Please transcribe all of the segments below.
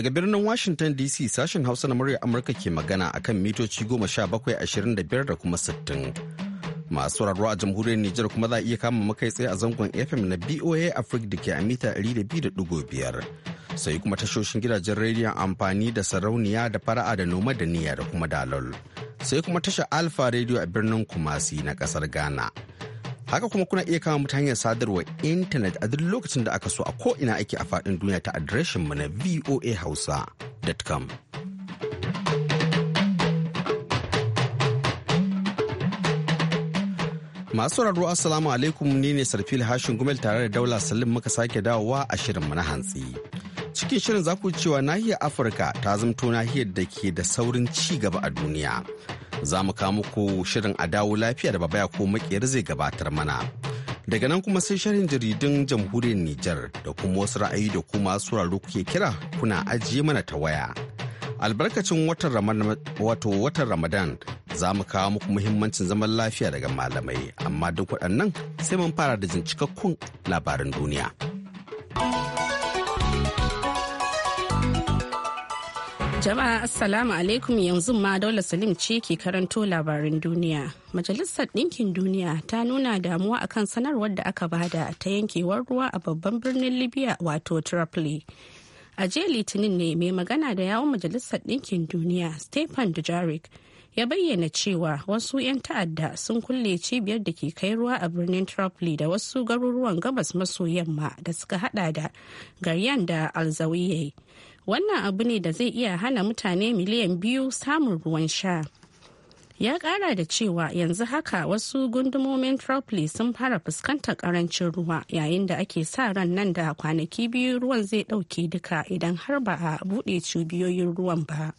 Daga birnin Washington DC sashen Hausa na murya Amurka ke magana a kan mitoci goma sha bakwai ashirin da biyar da kuma sittin. Masu rarwa a jamhuriyar Nijar kuma za a iya kama makai tsaye a zangon FM na BOA Africa da ke a mita 200.5. Sai kuma tashoshin gidajen rediyon amfani da sarauniya da fara'a da noma da niyya da kuma dalol. Sai kuma tashar Alfa Radio a birnin Kumasi na kasar Ghana. Haka kuma kuna iya kama mutane hanyar sadarwar intanet a duk lokacin da aka so a ko'ina ake a faɗin duniya ta adireshin mu na voahausa.com. Masu sauraro Assalamu alaikum ni ne Sarfil Hashin Gumel tare da Daula Salim muka sake dawowa a shirin mu na hantsi. cikin shirin zaku ku cewa nahiyar Afirka ta zamto nahiyar da ke da saurin ci gaba a duniya. Za mu kawo muku shirin a dawo lafiya da babaya ko makiyar zai gabatar mana. Daga nan kuma sai shirin jaridun jamhuriyar Nijar da kuma wasu ra'ayi da kuma sauraro kuke kira kuna ajiye mana ta waya. Albarkacin watan Ramadan za mu kawo muku muhimmancin zaman lafiya daga malamai amma duk waɗannan sai mun fara da jin cikakkun labaran duniya. Jama'a Assalamu alaikum yanzu ma Daula Salim ce ke karanto labarin duniya. Majalisar Ɗinkin Duniya ta nuna damuwa akan sanarwar da aka bada ta yankewar ruwa a babban birnin Libya wato Tripoli. A jiya Litinin ne mai magana da yawon Majalisar Ɗinkin Duniya stephen Dujarric ya bayyana cewa wasu 'yan ta'adda sun kulle cibiyar da ke kai ruwa a birnin Tripoli da wasu garuruwan gabas maso yamma da suka hada da Garyan da Alzawiyai. wannan abu ne da zai iya hana mutane miliyan biyu samun ruwan sha ya kara da cewa yanzu haka wasu gundumomin tropoli sun fara fuskantar karancin ruwa yayin da ake sa ran nan da kwanaki biyu ruwan zai dauke duka idan har ba a bude cibiyoyin ruwan ba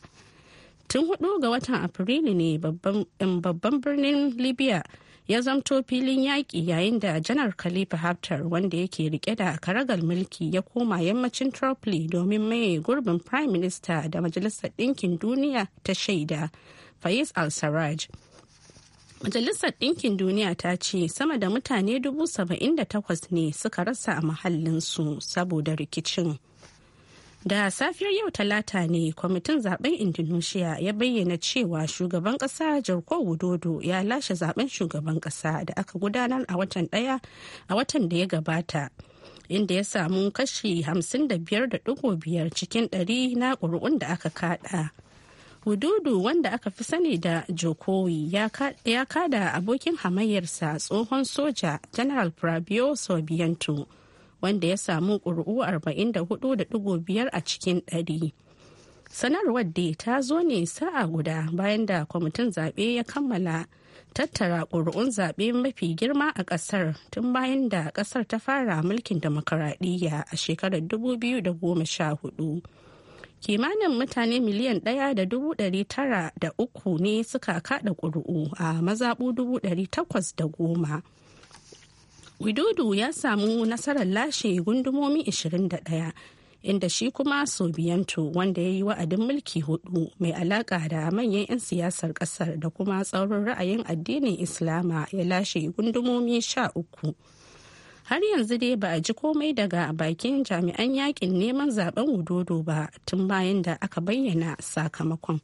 tun hudu ga watan afrilu ne babban birnin libya ya zamto filin yaƙi yayin da janar khalifa haftar wanda yake rike da karagar mulki ya koma yammacin tropoli domin maye gurbin prime minister da majalisar ɗinkin duniya ta shaida faiz al-sarraj Majalisar Ɗinkin Duniya ta ce sama da mutane 78 ne suka rasa a mahallinsu saboda rikicin. da safiyar yau talata ne kwamitin zaben indonesia ya bayyana cewa shugaban kasa jarko widodo ya lashe zaben shugaban kasa da aka gudanar a watan daya a watan da ya gabata inda ya samu kashi 55.5 cikin 100 na ƙuri'un da aka kada wududu wanda aka fi sani da Jokowi ya kada abokin hamayyarsa tsohon soja General Prabio Sobiento wanda ya samu ƙuri'u 44.5 a cikin ɗari. sanarwar da ta zo ne sa'a guda bayan da kwamitin zaɓe ya kammala tattara ƙuri'un zaɓe mafi girma a ƙasar tun bayan da ƙasar ta fara mulkin demokaradiyya a shekarar 2014 kimanin mutane miliyan ɗaya da dubu ɗari tara da uku ne suka kaɗa ƙuri'u a mazaɓu dubu ɗari takwas da goma widodo ya samu nasarar lashe gundumomi 21 inda shi kuma sobiyanto wanda ya yi wa'adin mulki hudu mai alaka da manyan 'yan siyasar kasar da kuma tsaurin ra'ayin addinin islama ya lashe gundumomi 13 har yanzu dai ba a ji komai daga bakin jami'an yakin neman zaben wudodo ba tun bayan da aka bayyana sakamakon.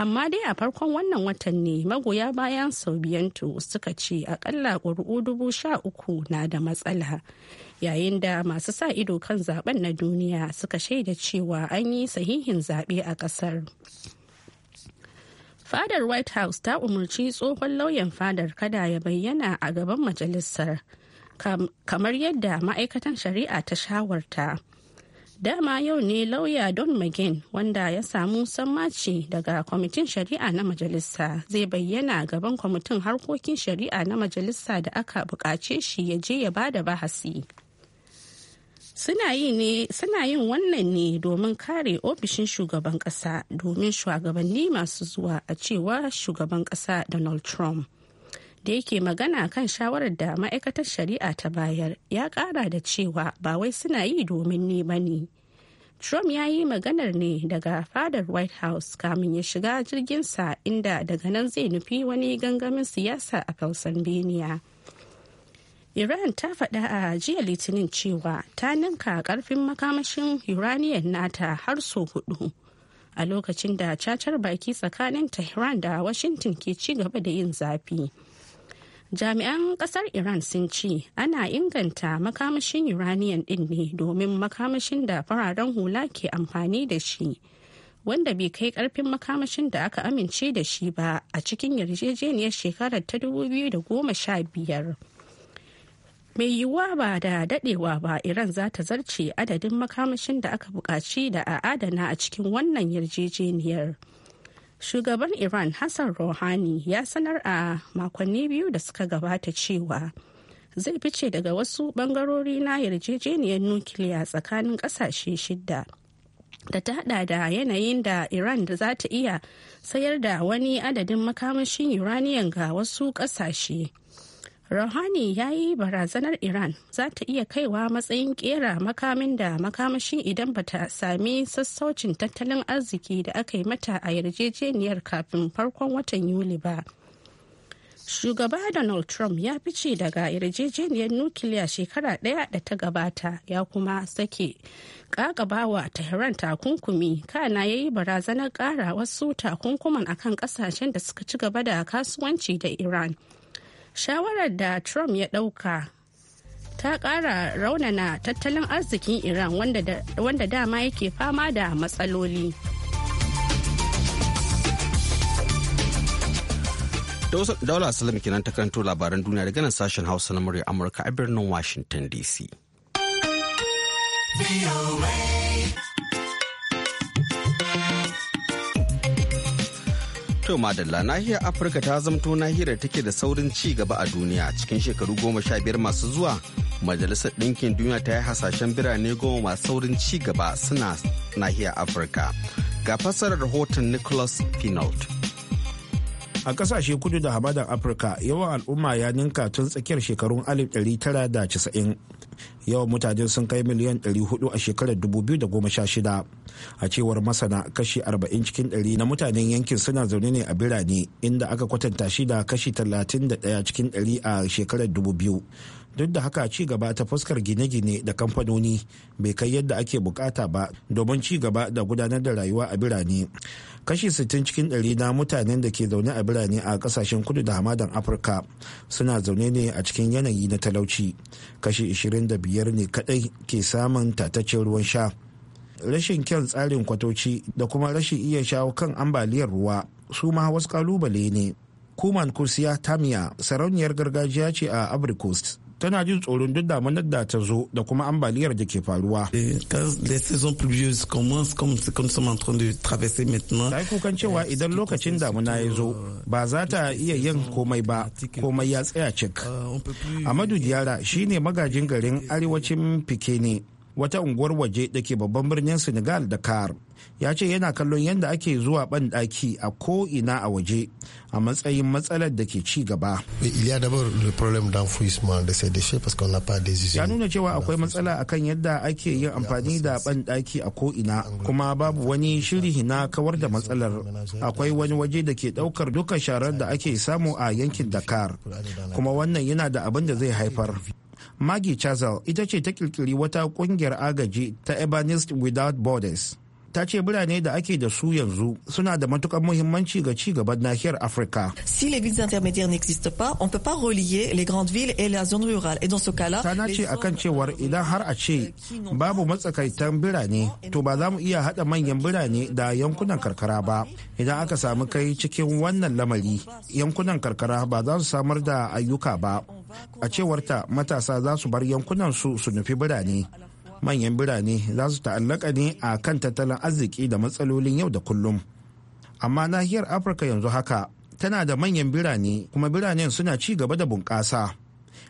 amma dai a farkon wannan watan ne magoya bayan sau biyantu suka ce akalla ƙuri'u dubu sha uku na da matsala yayin da masu sa ido kan zaben na duniya suka shaida cewa an yi sahihin zaɓe a ƙasar fadar white house ta umarci tsohon lauyan fadar kada ya bayyana a gaban majalisar kamar yadda ma'aikatan shari'a ta shawarta. dama yau ne lauya don mcgain wanda ya samu sammaci daga kwamitin shari'a na majalisa zai bayyana gaban kwamitin harkokin shari'a na majalisa da aka buƙace shi ya je ya bada bahasi suna yin wannan ne domin kare ofishin shugaban ƙasa domin shugabanni masu zuwa a cewa shugaban ƙasa donald trump da yake magana kan shawarar da ma'aikatar shari'a ta bayar ya kara da cewa ba wai suna yi domin ne ba ne trump ya yi maganar ne daga fadar white house kamin ya shiga jirginsa inda daga nan zai nufi wani gangamin siyasa a pennsylvania iran ta faɗa a jiya litinin cewa ta ninka karfin makamashin uranium nata har sau hudu a lokacin da cacar baki tsakanin tehran da washington ke ci gaba da yin zafi jami'an kasar iran sun ce ana inganta makamashin uranium din ne domin makamashin da fararen hula ke amfani da shi wanda bai kai karfin makamashin da aka amince da shi ba a cikin yarjejeniyar shekarar ta 2015 mai yiwuwa ba da dadewa ba iran za ta zarce adadin makamashin da aka bukaci da a adana a cikin wannan yarjejeniyar. shugaban iran hassan rouhani ya sanar a makonni biyu da suka gabata cewa zai fice daga wasu bangarori na yarjejeniyar nukiliya tsakanin kasashe shidda da ta hada da yanayin da iran da za ta iya sayar da wani adadin makamashin uranium ga wasu kasashe Rouhani ya yi barazanar Iran za ta iya kaiwa matsayin kera makamin da makamashi idan ba ta sami sassaucin tattalin arziki da aka yi mata a yarjejeniyar kafin farkon watan Yuli ba. Shugaba Donald Trump ya fice daga yarjejeniyar nukiliya shekara ɗaya da ta gabata ya kuma sake kakabawa Tehran takunkumi kana ya yi barazanar ƙara wasu takunkuman akan ƙasashen da suka ci gaba da kasuwanci da Iran. shawarar da trump ya ɗauka ta ƙara raunana tattalin arzikin iran wanda dama yake fama da matsaloli daular Salam kenan ta karanto labaran duniya daga nan sashen Hausa na murya Amurka a birnin Washington DC. To madalla nahiyar Afirka ta zamto nahiyar da take da saurin ci gaba a duniya cikin shekaru goma sha biyar masu zuwa Majalisar Ɗinkin Duniya ta yi hasashen birane goma masu saurin ci gaba suna nahiyar Afirka. Ga fassarar rahoton Nicholas Pinault. a kasashe kudu da hamadan afirka yawan al'umma ya ninka tun tsakiyar shekarun 1990 yawan mutane sun kai miliyan 400 a shekarar 2016 a cewar masana kashi 40 cikin 100 na mutanen yankin suna zaune ne a birane inda aka kwatanta shi da kashi 31 cikin 100 a shekarar 2000 duk da haka ci gaba ta fuskar gine-gine da kamfanoni bai kai yadda ake bukata ba domin ci gaba da gudanar da rayuwa a birane kashi 60 cikin 100 na mutanen da ke zaune a birane a kasashen kudu da hamadan afirka suna zaune ne a cikin yanayi na talauci kashi 25 ne kadai ke samun tataccen ruwan sha rashin kyan tsarin kwatoci da kuma rashin iya shawo kan ambaliyar ruwa su ma wasu kalubale ne kuman kusiya tamiya sarauniyar gargajiya ce a abrikos tana jin tsoron duk damanar da ta zo da kuma ambaliyar da ke faruwa. Ta yi kukan cewa idan lokacin damuna ya zo euh, ba za ta iya yin komai ba komai ya tsaya cik. Euh, Amadu Diyara shi ne magajin garin arewacin Pikini wata unguwar waje da ke babban birnin Senegal Dakar. ya ce yana kallon yadda ake zuwa ban daki a ko'ina a waje a matsayin matsalar da ke ci gaba. ya nuna cewa akwai matsala akan yadda ake yin amfani da ban daki a ina kuma babu wani shiri na kawar da matsalar akwai wani waje da ke daukar dukkan sharar da ake samu a yankin dakar kuma wannan yana da abin da zai haifar maggie chazal ita ce ta kirkiri wata kungiyar agaji ta ebanist without borders ta ce birane da ake da su yanzu suna da matukar muhimmanci ga ci gaban nahiyar Afirka. Si les villes intermédiaires n'existent pas, on peut pas relier les grandes villes et la zone rurale. Et dans ce cas-là, ta nace akan cewar idan har a ce babu matsakaitan birane, to ba za mu iya hada manyan birane da yankunan karkara ba. Idan aka samu kai cikin wannan lamari, yankunan karkara ba za su samar da ayyuka ba. A cewarta matasa za su bar yankunan su su nufi birane. manyan birane za su ta'allaka ne a kan tattalin arziki da matsalolin yau da kullum amma nahiyar afirka yanzu haka tana da manyan birane kuma biranen suna ci gaba da bunƙasa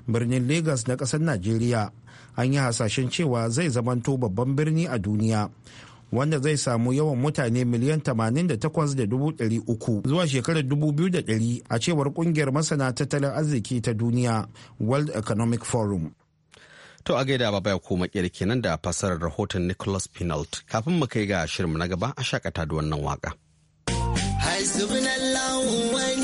birnin Legas na ƙasar najeriya an yi hasashen cewa zai zamanto babban birni a duniya wanda zai samu yawan mutane miliyan 88.3 zuwa shekarar 2100 a cewar kungiyar masana tattalin arziki ta duniya world economic forum To a gaida ba baya koma kere kenan da fasarar rahoton Nicholas Pinault kafin mu kai ga shirin na gaba a shakata da wannan waka. Hasbunallahu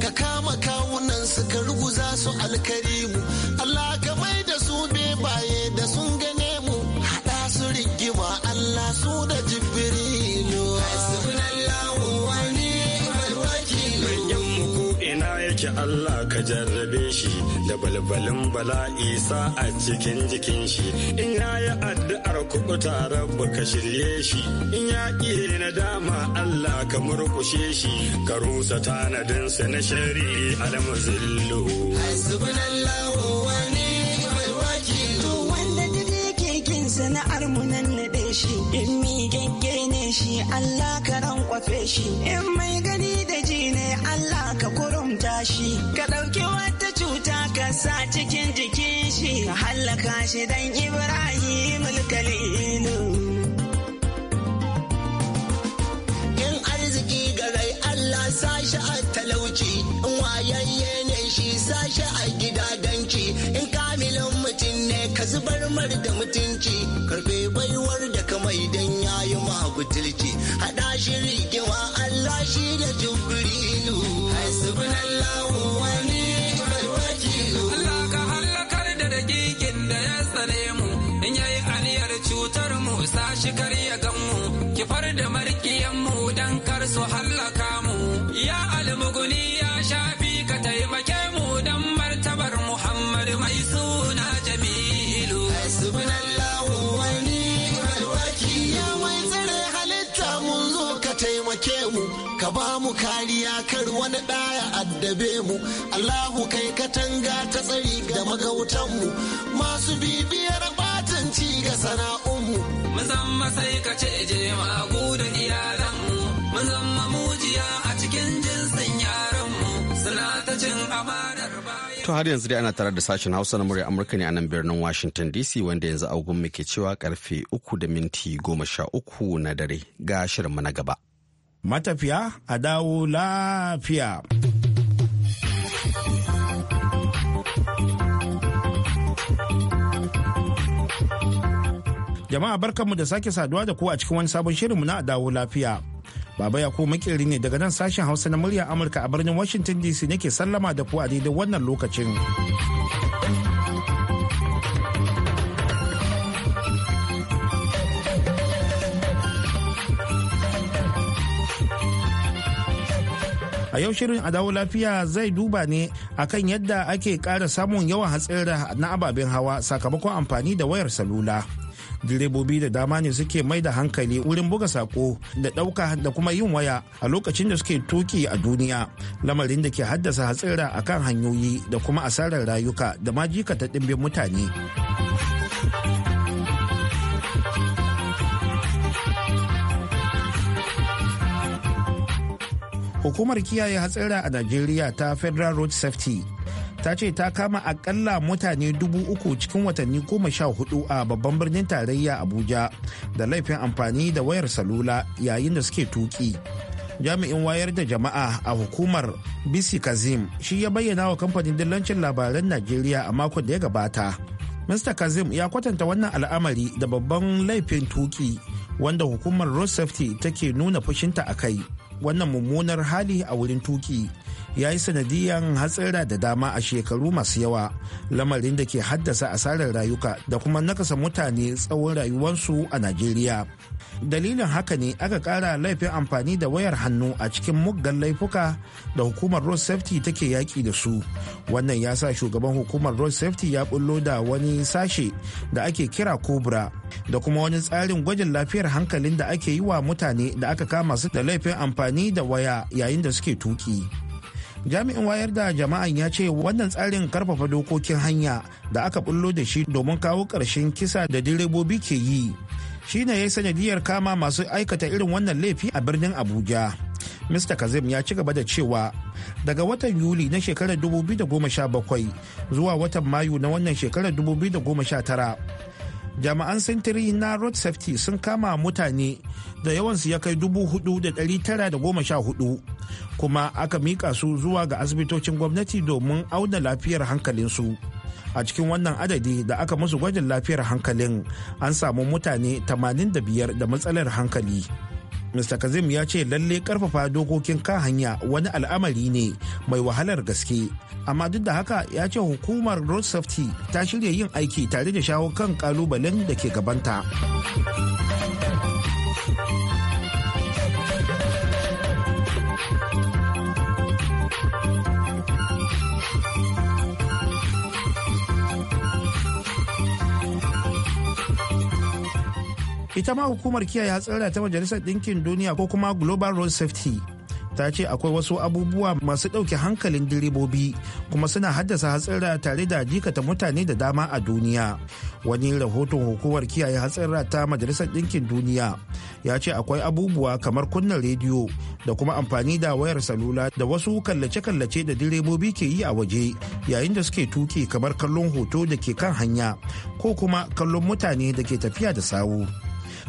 ka kama kawunan su ka ruguza su alkarimu da balbalin Bala Isa a cikin jikin shi in ya yi addu'ar kuɓuta rabu ka shirye shi in ya ƙi na dama Allah ka murkushe shi ka rusa tanadinsa na wanda da yake kin na shi in mi ne shi Allah ka ran kwafe shi in mai gani da ji ne Allah ka kuro haramta shi ka ɗauki wata cuta ka sa cikin jikin shi ka hallaka shi dan ibrahim kalilu yin arziki rai allah sashi a talauci in wayayye ne shi sashi a gida danci, in kamilin mutum ne ka zubar mar da mutunci karfe baiwar da kamai dan yayi ma butulci hada shi rigima shi ya ganmu ki far da markiyanmu dan kar su hallaka mu ya almuguni ya shafi ka taimake mu dan martabar muhammad mai suna jamilu hasbunallahu wa ni'mal wakil ya mai tsare halitta mun zo ka taimake mu ka ba mu kariya kar wani ɗaya addabe mu allahu kai katanga ta tsari ga magautanmu masu bibiyar ci ga sana'unmu Mun zama sai ka ce je da iyalanmu, mun zama mujiya a cikin jinsin yaranmu, suna ta cin amanar bayan. To har yanzu dai ana tare da sashen Hausa na murya Amurka ne a nan birnin Washington DC wanda yanzu agun muke cewa karfe uku da minti goma sha uku na dare ga shirinmu na gaba. Matafiya a dawo lafiya. Jama'a barkanmu da sake saduwa da ku a cikin wani sabon shirinmu na dawo lafiya. Baba ya ko makirri ne daga nan sashen Hausa na muryar Amurka a birnin Washington DC nake sallama da ku a daidai wannan lokacin. a yau shirin a dawo lafiya zai duba ne akan yadda ake kara samun yawan hatsira na ababen hawa sakamakon amfani da wayar salula. direbobi da dama ne suke mai da hankali wurin buga sako da ɗauka da kuma yin waya a lokacin da suke tuki a duniya lamarin da ke haddasa hatsira a kan hanyoyi da kuma asarar rayuka da ma ta dimbin mutane hukumar kiyaye hatsira a najeriya ta federal road safety ta ce ta kama akalla mutane dubu uku cikin watanni goma sha hudu a babban birnin tarayya abuja da laifin amfani da wayar salula yayin da suke tuki jami'in wayar da jama'a a hukumar bisi kazim shi ya bayyana wa kamfanin dillancin labaran najeriya a makon da ya gabata mr kazim ya kwatanta wannan al'amari da babban laifin tuki wanda hukumar road safety take nuna fushinta a kai wannan mummunar hali a wurin tuki ya yi sanadiyan hatsira da dama a shekaru masu yawa lamarin da ke haddasa asarar rayuka da kuma nakasa mutane tsawon rayuwarsu a najeriya dalilin haka ne aka kara laifin amfani da wayar hannu a cikin muggan laifuka da hukumar road safety take yaki da su wannan ya sa shugaban hukumar road safety ya bullo da wani sashe da ake kira cobra da kuma wani tsarin gwajin lafiyar hankalin da ake yi wa mutane da aka kama su da laifin amfani da waya yayin da suke tuki jami'in wayar da jama'an ya ce wannan tsarin karfafa dokokin hanya da aka bullo da shi domin kawo ƙarshen kisa da direbobi ke yi shi ne ya yi sanadiyar kama masu aikata irin wannan laifi a birnin abuja mr kazim ya ci gaba da cewa daga watan yuli na shekarar 2017 zuwa watan mayu na wannan shekarar 2019 jami'an sintiri na road safety sun kama mutane da yawansu ya kai hudu kuma aka mika su zuwa ga asibitocin gwamnati domin auna lafiyar hankalinsu a cikin wannan adadi da aka musu gwajin lafiyar hankalin an samu mutane 85 da matsalar hankali. mr kazim ya ce lalle karfafa dokokin kan hanya wani al'amari ne mai wahalar gaske amma duk da haka ya ce hukumar road safety ta shirya yin aiki tare da shawo kan kalubalen da ke gabanta ita ma hukumar kiyaye hatsara ta majalisar ɗinkin duniya ko kuma global road safety ta ce akwai wasu abubuwa masu ɗauke hankalin direbobi kuma suna haddasa hatsara tare da jikata mutane da dama a duniya wani rahoton hukumar kiyaye hatsara ta majalisar ɗinkin duniya ya ce akwai abubuwa kamar kunna rediyo da kuma amfani da wayar salula da wasu kallace-kallace da direbobi ke yi a waje yayin da suke tuki kamar kallon hoto da ke kan hanya ko kuma kallon mutane da ke tafiya da sawu.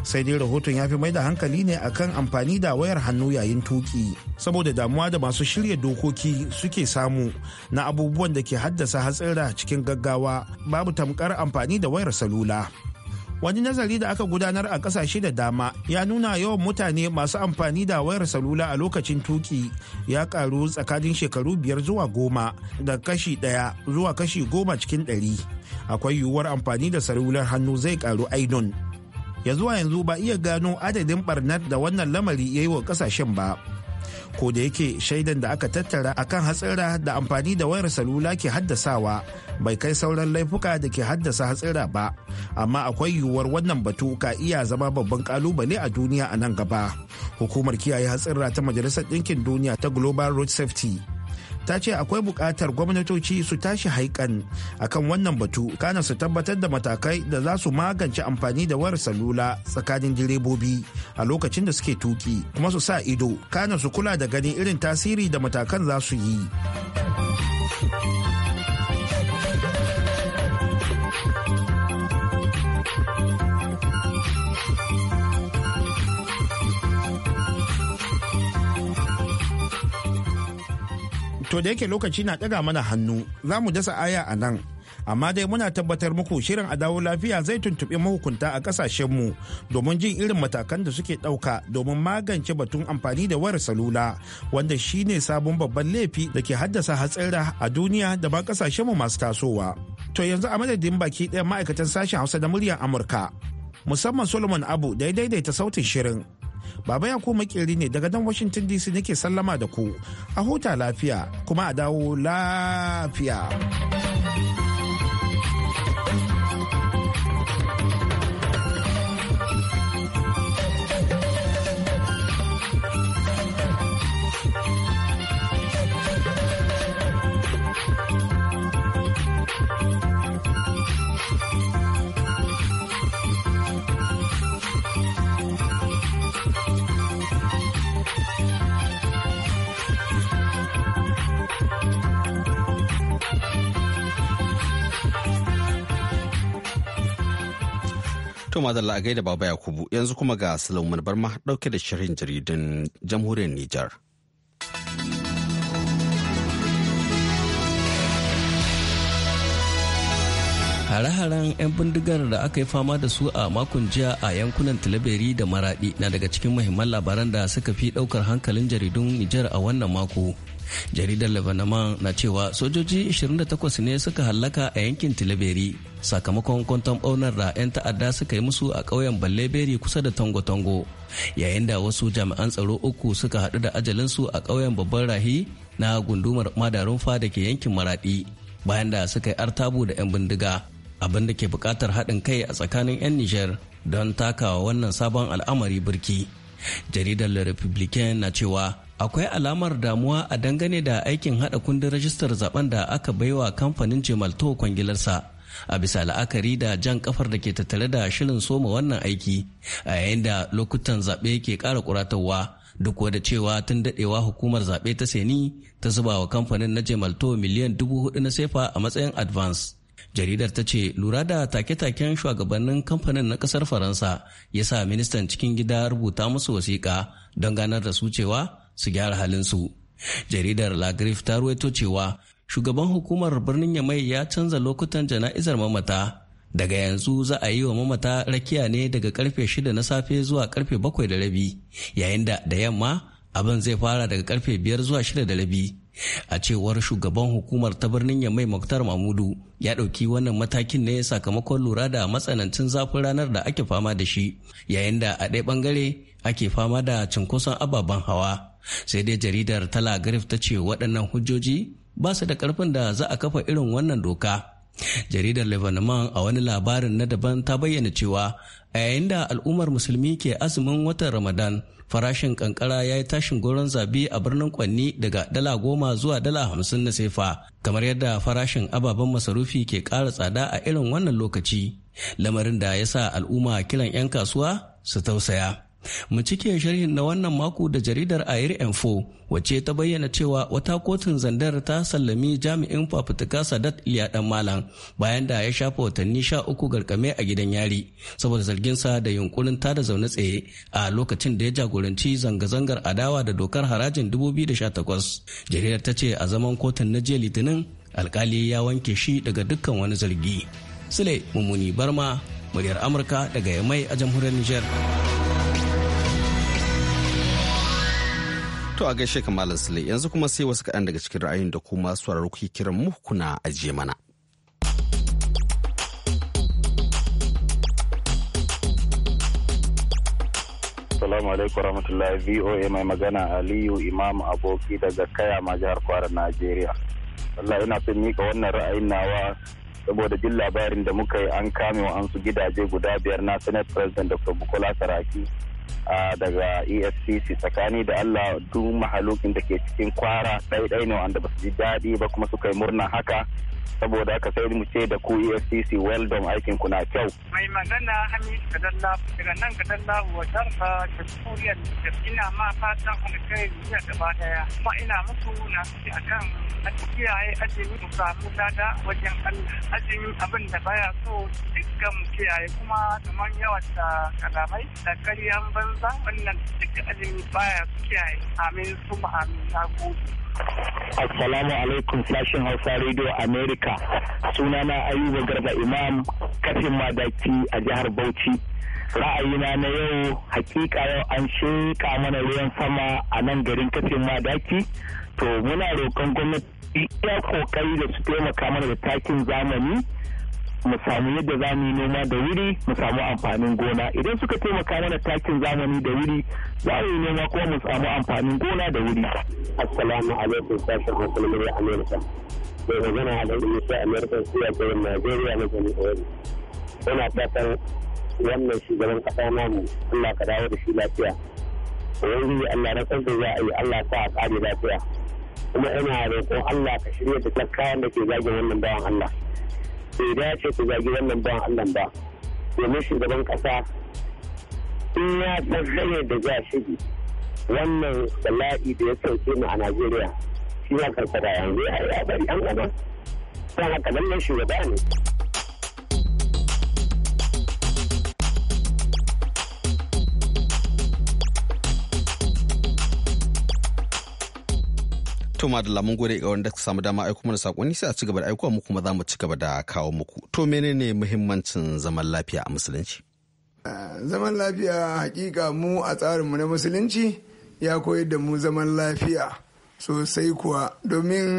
sai dai rahoton ya fi mai da hankali ne akan amfani da wayar hannu yayin tuki saboda damuwa da masu shirya dokoki suke samu na abubuwan da ke haddasa hatsira cikin gaggawa babu tamkar amfani da wayar salula wani nazari da aka gudanar a kasashe da dama ya nuna yawan mutane masu amfani da wayar salula a lokacin tuki ya karu tsakanin shekaru biyar zuwa goma da kashi daya zuwa kashi goma cikin ɗari akwai yiwuwar amfani da salular hannu zai karu aidon ya zuwa yanzu ba iya gano adadin barnar da wannan lamari ya yi wa kasashen ba ko da yake shaidan da aka tattara akan hatsira da amfani da wayar salula ke haddasawa bai kai sauran laifuka da ke haddasa hatsira ba amma akwai yiwuwar wannan batu ka iya zama babban kalubale a duniya a nan gaba hukumar kiyaye hatsira ta majalisar ɗinkin duniya ta global road safety ta ce akwai buƙatar gwamnatoci su tashi haikan akan wannan batu kana su tabbatar da matakai da za su magance amfani da wayar salula tsakanin direbobi a lokacin da suke tuki kuma su sa ido kana su kula da gani irin tasiri da matakan za su yi. To da yake lokaci na ɗaga mana hannu za mu dasa aya a nan. Amma dai muna tabbatar muku shirin a dawo lafiya zai tuntuɓi mahukunta a ƙasashenmu domin jin irin matakan da suke ɗauka domin magance batun amfani da wayar salula wanda shine sabon babban laifi da ke haddasa hatsira a duniya da ba ƙasashenmu masu tasowa. To yanzu a madadin baki ɗaya ma'aikatan sashen Hausa da muryar Amurka musamman Solomon Abu da ya daidaita sautin shirin. Baba ya ko makeri ne daga nan Washington DC nake sallama da ku. A huta lafiya kuma a dawo lafiya. madalla a gaida baba Yakubu yanzu kuma ga Sulaiman Barma dauke da shirin jaridun jamhuriyar Nijar. Hare-haren 'yan bindigar da aka yi fama da su a makon jiya a yankunan Tilaberi da Maradi na daga cikin muhimman labaran da suka fi daukar hankalin jaridun Nijar a wannan mako. Jaridar Lebanon na cewa sojoji 28 ne suka hallaka a yankin Tilaberi. sakamakon kwanton ɓaunar da 'yan ta'adda suka yi musu a ƙauyen balleberi kusa da tango-tango yayin da wasu jami'an tsaro uku suka haɗu da ajalinsu a ƙauyen babban rahi na gundumar madarunfa da ke yankin maraɗi bayan da suka yi artabu da 'yan bindiga abin da ke buƙatar haɗin kai a tsakanin 'yan nijar don takawa wannan sabon al'amari birki jaridar le republican na cewa akwai alamar damuwa a dangane da aikin haɗa kundin rajistar zaben da aka baiwa kamfanin jimalto kwangilarsa a bisa la'akari da jan kafar da ke tattare da shirin soma wannan aiki a yayin da lokutan zaɓe ke ƙara ƙuratarwa duk da cewa tun daɗewa hukumar zaɓe ta seni ta zuba wa kamfanin na jemalto miliyan dubu hudu na sefa a matsayin advance jaridar ta ce lura da take-taken shugabannin kamfanin na ƙasar faransa ya sa ministan cikin gida rubuta musu wasiƙa don ganar da su cewa su gyara halin su. jaridar lagrif ta ruwaito cewa shugaban hukumar birnin Yamai ya canza lokutan jana'izar mamata. Daga yanzu za a yi wa mamata rakiya ne daga karfe shida na safe zuwa karfe bakwai da rabi, yayin da da yamma abin zai fara daga karfe biyar zuwa shida da rabi. A cewar shugaban hukumar ta birnin Yamai Muktar mamudu ya ɗauki wannan matakin ne sakamakon lura da matsanancin zafin ranar da ake fama da shi, yayin da a ɗaya ɓangare ake fama da cunkoson ababen hawa. sai dai jaridar tala ta ce waɗannan hujjoji ba su da karfin da za a kafa irin wannan doka jaridar lebanon a wani labarin na daban ta bayyana cewa a yayin da al'ummar musulmi ke azumin watan ramadan farashin kankara ya yi tashin goron zabi a birnin kwanni daga dala goma zuwa dala hamsin na sefa kamar yadda farashin ababen masarufi ke ƙara tsada a irin wannan lokaci lamarin da ya sa al'umma kiran 'yan kasuwa su tausaya Mu cike sharhin na wannan mako da jaridar Air Info wacce ta bayyana cewa wata kotun zandar ta sallami jami'in fafutuka Sadat Iliya Malam bayan da ya shafa watanni sha uku garkame a gidan yari saboda zargin sa da yunkurin ta da zaune tsaye a lokacin da ya jagoranci zanga-zangar adawa da dokar harajin 2018. Jaridar ta ce a zaman kotun na jiya Litinin alkali ya wanke shi daga dukkan wani zargi. Sule Mumuni Barma, muryar Amurka daga Yamai a jamhuriyar Nijar. To a gaishe ka Malam Sule yanzu kuma sai wasu kaɗan daga cikin ra'ayin da kuma sauraro kuke kiran mu kuna ajiye mana. Salamu alaikum warahmatullahi VOA mai magana Aliyu Imam Aboki daga Kaya ma jihar Kwara Najeriya. Allah ina son mika wannan ra'ayin nawa saboda jin labarin da muka yi an kame wa su gidaje guda biyar na Senate President Dr. Bukola Saraki daga efcc tsakani da allah duk mahalokin da ke cikin kwara ɗaiɗai ne wanda ba su ji daɗi ba kuma suka yi murna haka saboda haka sai mu ce da ku efcc well done aikin ku na kyau mai magana hami kadalla daga nan kadalla wajen ka jamhuriyar da ina ma fatan ni, duniya gaba daya kuma ina musu na a kan a kiyaye azumi mu samu lada wajen allah azumi abin da baya so duka mu kiyaye kuma kamar yawan da kalamai da karyan banza wannan duk azumi baya kiyaye amin ma amin na gode Assalamu alaikum sashen Hausa Radio America. Sunana Ayuba Garba Imam kafin madaki a jihar Bauchi. Ra'ayina na yau hakika yau an sheka mana ruwan sama a nan garin kafin madaki. To muna roƙon gwamnati iya kokari da su taimaka mana da takin zamani mu samu yadda za mu yi noma da wuri mu samu amfanin gona idan suka taimaka mana takin zamani da wuri za mu yi noma kuma mu samu amfanin gona da wuri assalamu alaikum sashen musulmi da amerika mai magana a ɗan ilisa amerika su ya ce najeriya na jami'a yana fatan wannan shugaban ƙasa mu allah ka dawo da shi lafiya ubangiji allah na san da za a yi allah sa a lafiya kuma ina roƙon allah ka shirya da kayan da ke zagin wannan bawan allah bai dace ku zagi wannan ban Allah ba domin shugaban kasa in ya tsaye da za shi wannan bala'i da ya sauke mu a Najeriya shi ya karkata yanzu ya bari an gaba. Don haka lallai shugaba ne. To da mun gode ga wanda ka samu dama aiko mana sakonni sai a ci gaba da aikowa mu kuma za mu ci gaba da kawo muku. To menene muhimmancin zaman lafiya a musulunci? Zaman lafiya hakika mu a tsarinmu na musulunci ya koyar da mu zaman lafiya sosai kuwa domin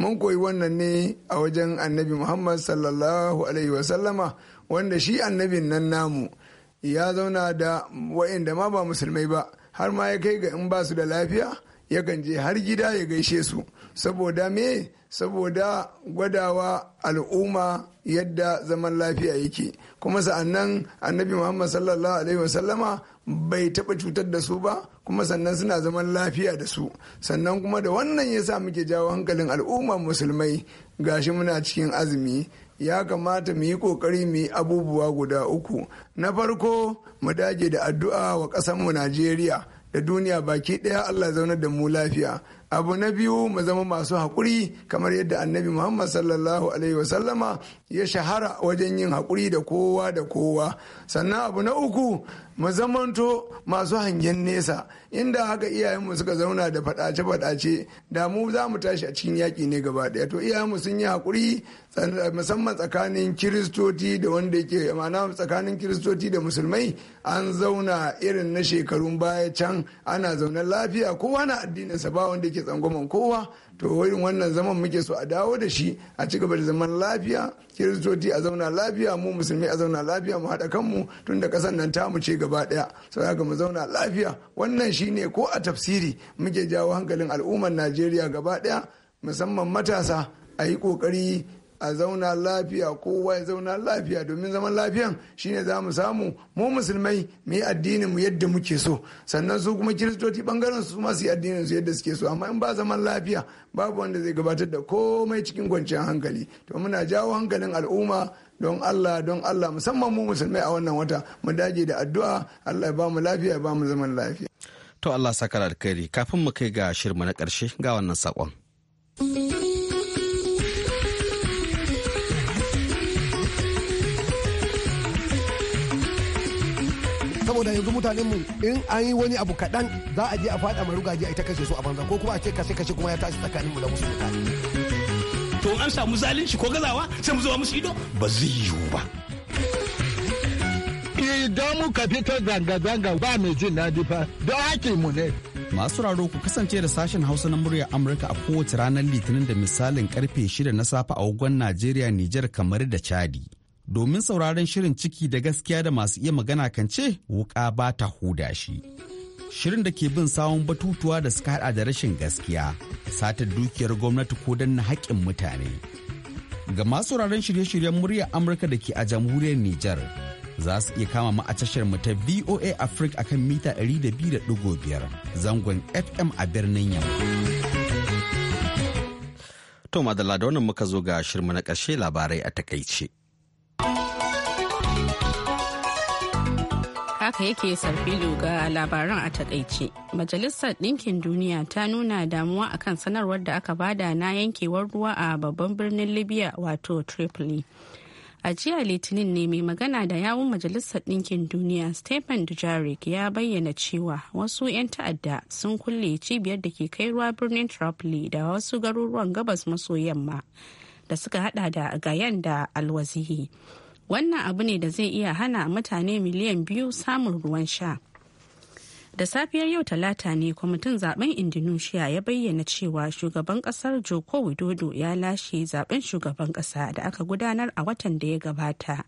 mun koyi wannan ne a wajen annabi Muhammad sallallahu alaihi sallama wanda shi annabin nan namu ya zauna da wa'inda ma ba musulmai ba har ma ya kai ga in ba su da lafiya yakan je har gida ya gaishe su saboda me saboda gwadawa al'umma yadda zaman lafiya yake kuma sa'annan annabi muhammad sallallahu alaihi wasallama bai taɓa cutar da su ba kuma sannan suna zaman lafiya da su sannan kuma da wannan ya sa muke jawo hankalin al'ummar musulmai gashi muna cikin azumi ya kamata mu yi kokari mu yi abubuwa guda uku na farko mu dage da addu'a wa ƙasarmu najeriya da duniya baki ɗaya Allah zaunar da mu lafiya abu na biyu mu zama masu haƙuri kamar yadda annabi muhammad sallallahu alaihi wasallama ya shahara wajen yin haƙuri da kowa da kowa sannan abu na uku mu zamanto masu hangen nesa inda haka iyayenmu suka zauna da faɗace fadace da mu za mu tashi a cikin yaƙi ne gaba ɗaya to iyayenmu sun yi haƙuri musamman tsakanin kiristoci da wanda ke ma'ana tsakanin kiristoci da musulmai an zauna irin na shekarun baya can ana zaune lafiya kowa na addininsa ba wanda muke tsangwamon kowa to irin wannan zaman muke so a dawo da shi a ci gaba da zaman lafiya kiristoci a zauna lafiya mu musulmi a zauna lafiya mu haɗa kanmu tun da ƙasar nan tamu ce gaba ɗaya sau haka mu zauna lafiya wannan shine ko a tafsiri muke jawo hankalin al'ummar najeriya gaba ɗaya musamman matasa a yi ƙoƙari a zauna lafiya kowa ya zauna lafiya domin zaman lafiyan shine za mu samu mu musulmai mu yi addinin mu yadda muke so sannan su kuma kiristoci bangaren su masu yi addinin su yadda suke so amma in ba zaman lafiya babu wanda zai gabatar da komai cikin kwanciyar hankali to muna jawo hankalin al'umma don Allah don Allah musamman mu musulmai a wannan wata mu dage da addu'a Allah ya ba mu lafiya ya ba mu zaman lafiya to Allah saka alkhairi kafin mu kai ga shirma na karshe ga wannan sakon. saboda yanzu mutanen mu in an yi wani abu kaɗan za a je a faɗa marugaji a ita kashe su a banza ko kuma a ce kashe kashe kuma ya tashi tsakanin mu da musu mutane. to an samu zalunci ko gazawa sai mu zuba musu ido ba zai yiwu ba. idan muka fito zanga-zanga ba mai jin daɗi fa don ake mu ne. Masu raro ku kasance da sashen Hausa na muryar Amurka a kowace ranar Litinin da misalin karfe 6 na safe a wagon Najeriya, Nijar kamar da Chadi. domin sauraron shirin ciki da gaskiya da masu iya magana kan ce wuka ba ta huda shi. Shirin da ke bin sawun batutuwa da suka hada da rashin gaskiya, satar dukiyar gwamnati ko danna haƙƙin mutane. Ga masu sauraron shirye-shiryen muryar Amurka da ke a jamhuriyar Nijar, za su iya kama mu a tashar mu ta VOA Africa akan mita da da 200.5 zangon FM a birnin Yamma. To madalla da wannan muka zo ga shirma na ƙarshe labarai a takaice. haka yake sarfilu ga labaran a takaice. Majalisar Ɗinkin Duniya ta nuna damuwa akan sanarwar da aka bada na yankewar ruwa a babban birnin Libya wato Tripoli. A jiya Litinin ne mai magana da yawun Majalisar Ɗinkin Duniya Stephen Dujarric ya bayyana cewa wasu 'yan ta'adda sun kulle cibiyar da ke kai ruwa birnin Tripoli da wasu garuruwan gabas maso yamma da suka hada da Gayan da Alwazihi. wannan abu ne da zai iya hana mutane miliyan biyu samun ruwan sha da safiyar yau talata ne kwamitin zaben indonesia ya bayyana cewa shugaban kasar joko widodo ya lashe zaben shugaban kasa da aka gudanar a watan da ya gabata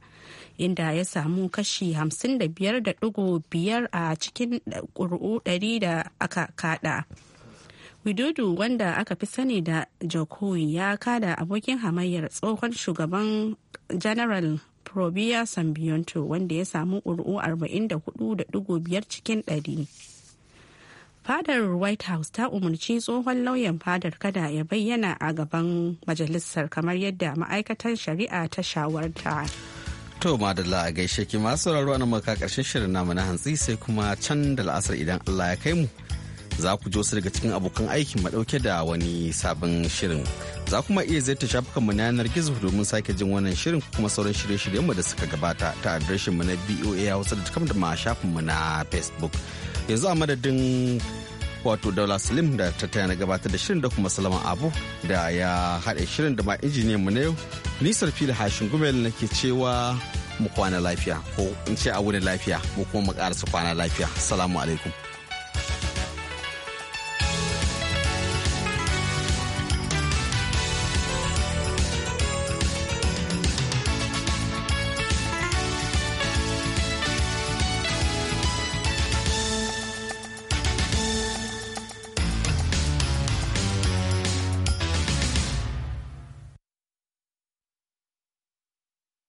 inda ya samu kashi 55.5 a cikin ƙuri'u 100 da aka kada widodo wanda aka fi sani da jokowi ya kada abokin hamayyar tsohon shugaban general Probia Sambionto wanda ya samu ƙuri'u 44.5 cikin ɗari. fadar white house ta umarci tsohon lauyan fadar kada ya bayyana a gaban majalisar kamar yadda ma'aikatan shari'a ta shawarta to madalla a gaishe ki masu sauraro na maka karshen shirin namu na hantsi sai kuma can da la'asar idan allah ya kai mu za ku ji wasu daga cikin abokan aikin madauke da wani sabon shirin za kuma iya zai ta mu na yanar gizo domin sake jin wannan shirin kuma sauran shirye mu da suka gabata ta mu na voa hausa da da ma mu na facebook yanzu a madadin wato daula salim da ta taya na gabatar da shirin da kuma salama abu da ya haɗa shirin da ma injiniyan mu na yau nisar fili hashin gumel na ke cewa mu kwana lafiya ko in ce a wuni lafiya mu kuma mu ƙarasa kwana lafiya salamu alaikum